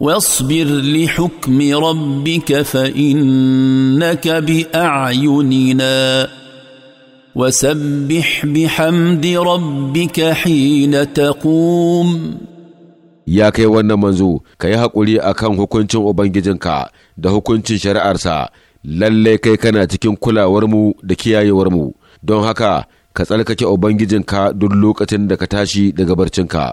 واصبر لحكم ربك فانك باعيننا وسبح بحمد ربك حين تقوم ya kai wannan manzo ka yi haƙuri a kan hukuncin ubangijinka da hukuncin shari'arsa lallai kai kana cikin kulawarmu da kiyayewarmu don haka ka tsarkake ubangijinka duk lokacin da ka tashi daga barcinka